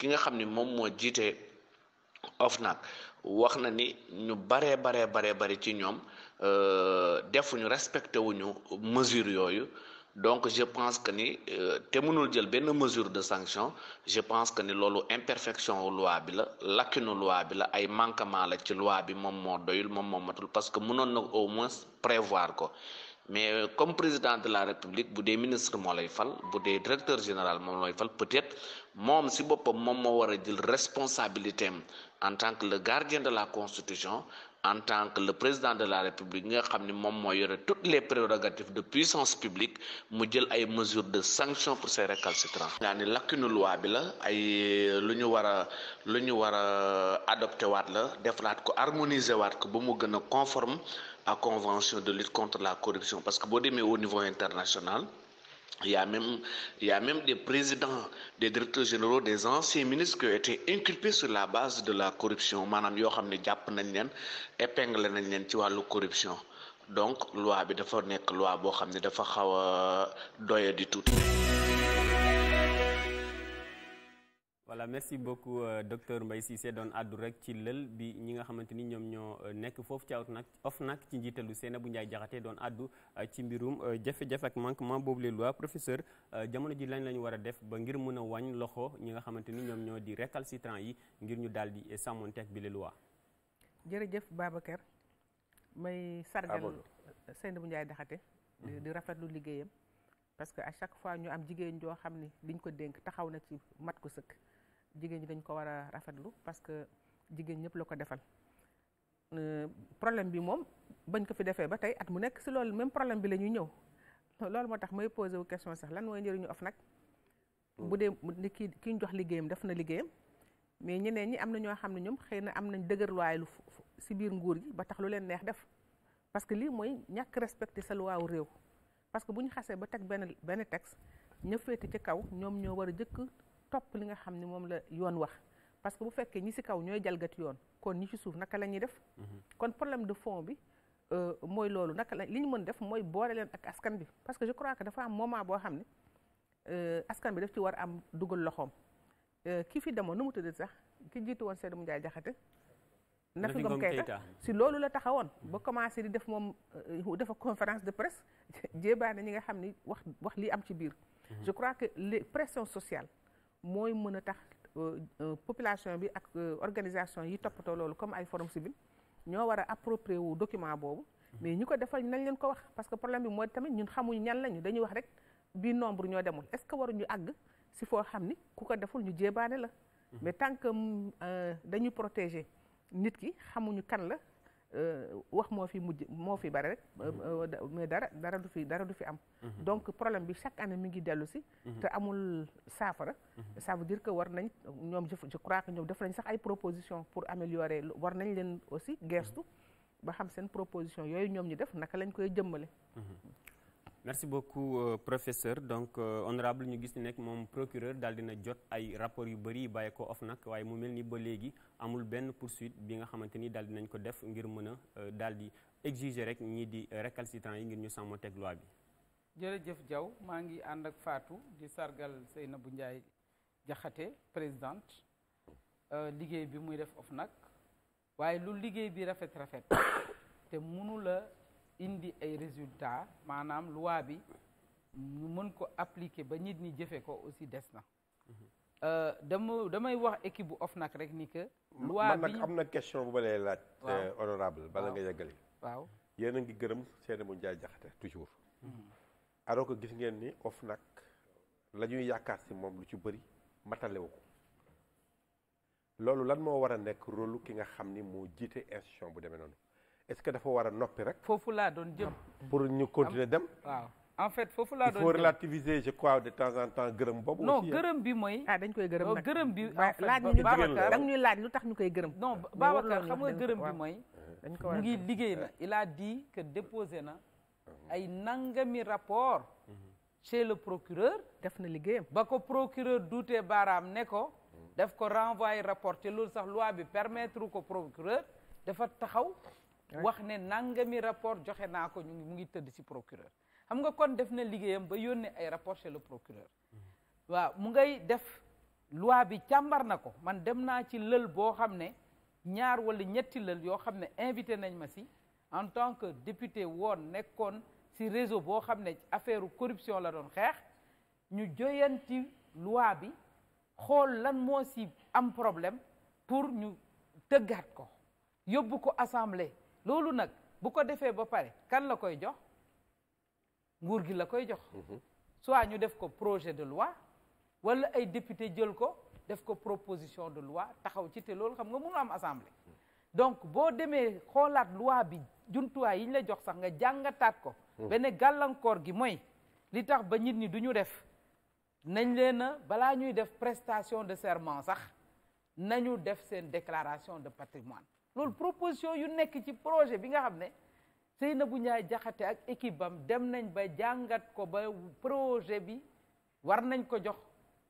ki nga xam ni moom moo jiite nag wax na ni ñu baree baree baree bari ci ñoom euh, defuñu respecté wuñu mesure yooyu donc je pense que ni euh, te mënul jël benn mesure de sanction je pense que ni loolu imperfection loi bi la lakkinu loi bi la ay manquement la ci loi bi moom moo doyul moom moo matul parce que mënoon na au moins prévoir ko mais euh, comme président de la république bu dee ministre moo lay fal bu dee directeur général moom lay fal peut-être moom si boppam moom moo war a jël responsabilité am en tant que le gardien de la constitution en tant que le président de la république nga xam ni moom moo yore toutes les prérogatives de puissance publique mu jël ay mesures de sanction pour ces récalcitrants. nga ni lakkinu loi bi la ay lu ñu war a lu ñu war a adopté waat la defaraat ko harmoniser waat ko ba mu gën a conforme à convention de lutte contre la corruption parce que boo demee au niveau international il y a même il y a même des présidents des directeurs généraux des anciens ministres qui ont été inculpés sur la base de la corruption maanaam yoo xam ne jàpp nañ leen épingle nañ leen ci wàllu corruption donc loi bi dafa nekk loi boo xam ne dafa xaw a doye di tuuti voilà merci beaucoup euh, docteur Mbaye Cissé doon àddu rek ci lël bi ñi nga xamante ni ñoom ñoo euh, nekk foofu ci nag of nag ci njiitalu bu Ndiaye Diakhaté doon àddu euh, ci mbirum jafe-jafe ak manquement boobu les lois professeur jamono ji lañ la ñu war a def ba ngir mën a wàññ loxo ñi nga xamante ni ñoom ñoo di récalcitrant yi ngir ñu daal di sàmmonteeg bi les lois. jërëjëf Babacar may sargal Seynabou Ndiaye Diakhaté di rafetlu liggéeyam parce que à chaque fois ñu am jigéen joo xam ne liñ ko dénk taxaw na ci mat ko sëkk jigéen ñi dañ ko war a rafetlu parce que jigéen ñëpp la ko defal euh, problème bi moom bañ ko fi defee ba tey at mu nekk si loolu même problème bi la ñuy ñëw loolu moo tax may posé wu question sax lan mooy njëriñu of nag mm. bu dee ki ki ñu jox liggéeyam def na liggéeyam mais ñeneen ñi am na ñoo xam ne ñoom xëy na am nañ dëgërluwaay lu si biir nguur gi ba tax lu leen neex def parce que lii mooy ñàkk respecté sa luwaawu réew parce que bu ñu xasee ba teg benn benn texte ña féete ci kaw ñoom ñoo war a jëkk topp li nga xam ni moom la yoon wax parce que bu fekkee ñi ci kaw ñooy jalgati yoon kon ñi ci suuf naka la ñuy def. Mhm. kon problème de fonds bi euh, mooy loolu naka la li ñu mën def mooy boole leen ak askan bi parce que je crois que dafa am moment boo xam ne euh, askan bi daf ci war am dugal loxoom euh, ki fi demoon nu mu tëddee sax ki jiitu woon Seydou Ndiaye Diakhaté. Nafi Ngom Keïta si loolu la taxawoon. ba mhm. commencé di def moom dafa conférence de presse jéebaane ñi nga xam ni wax wax li am ci biir. Mhm. je crois que les pressions sociales. mooy mën a tax euh, euh, population bi ak euh, organisation yi toppatoo loolu comme ay forum civil ñoo war a wu document boobu mais ñi ko defal nañ leen ko wax parce que problème bi mooy tamit ñun xamuñu ñan lañu dañuy wax rek bii nombre ñoo demul est-ce que waruñu àgg si foo xam ni ku ko deful ñu jébaane la mm-hmm. mais tant que dañuy protéger nit ki xamuñu kan la Euh, wax moo fi mujj moo fi bare rek mhm. euh, euh, mais dara dara du fi dara du fi am mhm. donc problème bi chaque année mi ngi dellu si mhm. te amul saafara ça veut dire que war nañ ñoom je crois que ñoom def nañ sax ay proposition pour améliorer war nañ leen aussi gestu ba xam seen proposition yooyu ñoom ñu def naka lañ koy jëmmale merci beaucoup euh, professeur donc euh, honorable ñu gis ni nekk moom procureur daal na jot ay rapport yu bëri bàyyi ko of nag waaye mu mel ni ba léegi amul benn poursuite bi nga xamante ni daal dinañ ko def ngir mën a euh, daal di exiger rek ñii di récalcitrant yi ngir ñu sàmmoo teg loi bi. jërëjëf Diaw maa ngi ànd ak faatu di sargal na bu njaay jaxate présidente euh, liggéey bi muy def of nag waaye lu liggéey bi rafet rafet te mënu indi ay résultats maanaam loi bi mën ko appliquer ba ñit ñi jëfe ko aussi des na mhm. euh, dama damay wax équipe bu nag rek ni que loi nag am na question bu ma lay laaj euh, honorable bala nga yeggali waaw yéen a ngi gërëm seeni mu njaay toujours mhm. alors que gis ngeen ni OFNAC la ñuy yaakaar si moom lu ci bëri matalewu ko loolu lan moo war a nekk rôle ki nga xam ni moo jiite institution bu demee noonu est-ce que dafa war a noppi rek. foofu laa doon jëm. pour ñu continuer dem. waaw en fait foofu laa doon jëm il je crois de temps en temps gërëm boobu. bi mooy. ah dañ koy gërëm nag gërëm bi. laaj ñu Babacar laaj lu tax ñu koy gërëm. non Babacar xam nga gërëm bi mooy. dañ ko war ngi liggéey na il a dit que déposé na ay nangami rapport chez le procureur. def na liggéeyam ba ko procureur duutee baaraam ne ko. daf ko renvoyé rapport te loolu sax loi bi permettre ko procureur dafa taxaw wax ne nangami rapport joxe naa ko ñu mu ngi tëdd ci procureur xam nga kon def na liggéeyam ba yónnee ay rapport chez le procureur mm-hmm. waaw mu ngay def loi bi càmbar na ko man dem naa ci lël boo xam ne ñaar wala ñetti lël yoo xam ne invité nañ ma si en tant que député woon nekkoon si réseau boo xam ne affaire corruption la doon xeex ñu joyanti loi bi xool lan moo si am problème pour ñu tëggaat ko yóbbu ko assemblée loolu nag bu ko defee ba pare kan la koy jox nguur gi la koy jox mhm. soit ñu def ko projet de loi wala ay député jël ko def ko proposition de loi taxaw ci te loolu xam nga mënu am assemblée mhm. donc boo demee xoolaat loi bi jumtuwaay yiñ ñu la jox sax nga jàngataat ko mhm. ne gàllankoor gi mooy li tax ba ñit ñi duñu def nañ leen a balaa ñuy def prestation de serment sax nañu def seen déclaration de patrimoine loolu proposition yu nekk ci projet bi nga xam ne na bu ñaay jaxate ak équipe bam dem nañ ba jàngat ko ba projet bi war nañ ko jox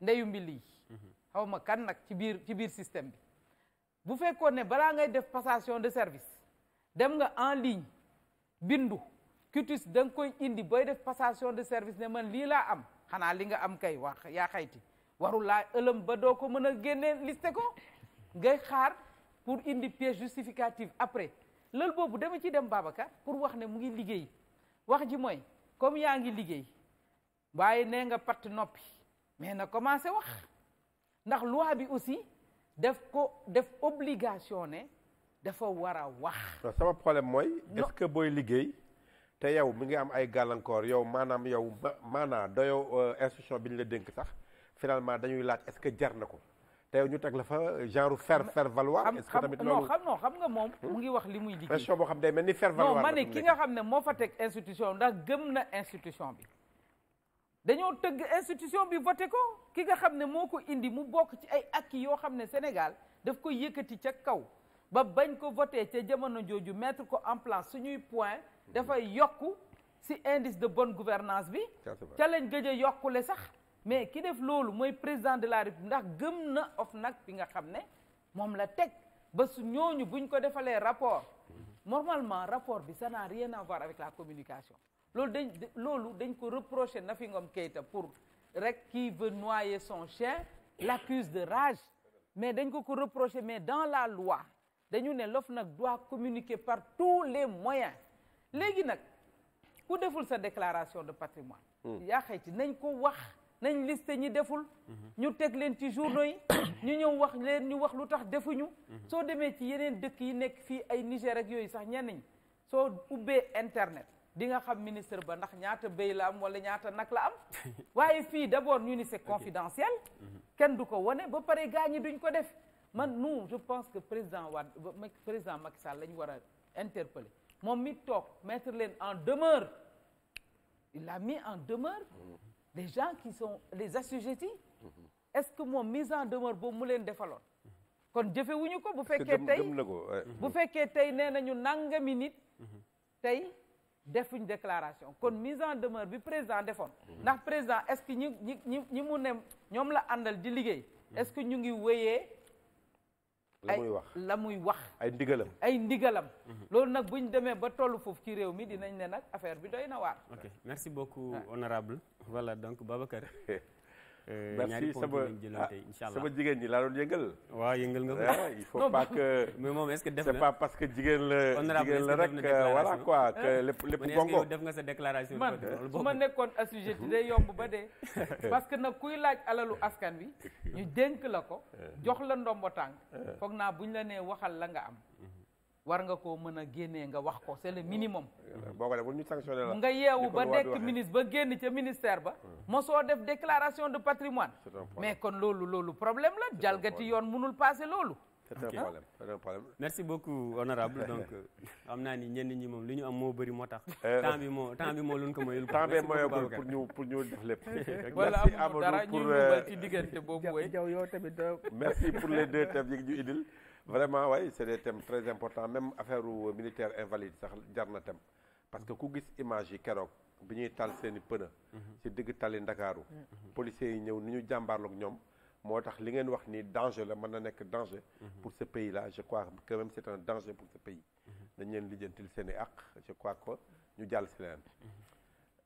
ndeyu mbil yi mhm. xaw ma kan nag ci biir ci biir système bi bu fekkoon ne balaa ngay def passation de service dem nga en ligne bindu cutis da koy indi bay def passation de service ne man lii laa am xanaa li nga am kay wax yaa xayti warul laa ëlëm ba doo ko mën a génne liste ko ngay xaar pour indi pièce justificative après loolu boobu dama ci dem Babacar pour wax ne mu ngi liggéey wax ji mooy comme yaa ngi liggéey waaye nee nga patt noppi mais na commencé wax ndax loi bi aussi def ko def obligation ne dafa war a wax. sama problème mooy. est-ce que booy liggéey te yow mi ngi am ay gàllankoor yow maanaam yow maanaa doyoo euh, institution bi ñu la dénk sax finalement dañuy laaj est-ce que jar na ko. te ñu teg la fa genre faire faire valoir. est-ce que tamit loolu xam non xam nga moom. mu ngi wax li muy liggéey pression boo xam day mel ni faire valoir. non ki nga xam ne moo fa teg institution ndax gëm na institution bi. dañoo tëgg institution bi vote ko ki nga xam ne moo ko indi mu bokk ci ay acquis yoo xam ne Sénégal daf ko yëkkati ca kaw ba bañ ko vote ca jamono jooju mettre ko en place suñuy point dafay yokk si indice de bonne gouvernance bi. ca lañ gëj a yokkule sax. mais ki def loolu mooy président de la République ndax gëm na nag bi nga xam ne moom la teg ba su ñooñu buñ ko defalee rapport normalement rapport bi ça n'a rien à voir avec la communication loolu dañ loolu dañ ko reprocher Nafi Ngom Keïta pour rek qui veut noyer son chien l'accuse de rage mais dañ ko ko reprocher mais dans la loi dañu ne nag doit communiquer par tous les moyens léegi nag ku deful sa déclaration de patrimoine hmm. yaa xëy ci nañ ko wax nañ liste ñi deful mhm. ñu teg leen ci journaux yi ñu ñëw wax leen ñu wax lu tax defuñu mhm. soo demee ci yeneen dëkk yi nekk fii ay Niger ak yooyu sax ñenn soo ubbee internet di nga xam ministre ba ndax ñaata béy la am wala ñaata nag la am waaye fii d'abord ñu ni c'est confidentiel mhm. kenn du ko wane ba pare gaa ñi duñ ko def man nous je pense que président Wade président Macky Sall la ñu war a moom mi toog mettre leen en demeure la a mis en demeure des gens qui sont les assujettis est-ce que moom mise en demeure boobu mu leen defaloon kon ñu ko bu fekkee tey bu fekkee tey nee nañu nangami nit tey defuñ déclaration kon mise en demeure bi président defoon ndax président est-ce que ñi ñi ñi mu ne ñoom la àndal di liggéey est-ce que ñu ngi wéyee la muy wax la muy wax. ay ndigalam ay ndigalam. Mhm. loolu nag bu ñu demee ba tollu foofu ci réew mi dinañ ne nag affaire bi doy na waar. ok merci beaucoup honorable voilà donc baba Babacar. Euh, ñaari ponk lañ jëlante ah, incha allah sama jigéen ñi laa doon yëngal. waaw yëngal nga ko eh, il faut pas mais moom est-ce que def na c'est pas jigéen la jigéen la rek euh, voilà quoi que lépp lépp bongo def nga sa déclaration. man su ma nekkoon assujetti day yomb ba de parce que nag kuy laaj alalu askan bi ñu dénk la ko eh. jox la ndombo tànk eh. foog naa bu ñu la nee waxal la nga am. Hmm. war nga koo mën génnee nga wax ko c'est le minimum. boo ko deful ñu sanctionné la nga yeewu ba dekk ministre ba génn ca ministère ba. Hmm. mosoo def déclaration de patrimoine mais kon loolu loolu problème la jalgati yoon munul passé loolu. c'est un problème c'est un problème. merci beaucoup honorable donc euh, am naa ni ñenn ñi moom li ñu am moo bëri moo tax. Eh, moo temps moo luñ ko mayul. temps bee mayagul pour ñu pour ñu def lépp. merci Amadou pour dara euh, tamit euh, merci pour les deux thèmes yi ñu indil. vraiment way c'est des thèmes très important même affaire militaire invalide sax jar na thème parce que ku gis image yi keroog bi ñuy tal seeni i si mhm. ci digg tali Ndakaaru mhm. policiers yi ñëw ni ñu jàmbaarloog ñoom moo tax li ngeen wax ni danger la mën na nekk danger mhm. pour ce pays là je crois que même c'est un danger pour ce pays nañ leen lijjantil seen i àq je crois que ñu jàll si leen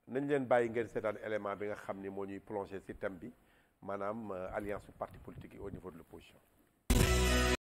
nañ leen bàyyi ngeen seetaan élément bi nga xam ni moo ñuy plongé ci bi maanaam euh, alliance bu parti politique yi au de l'opposition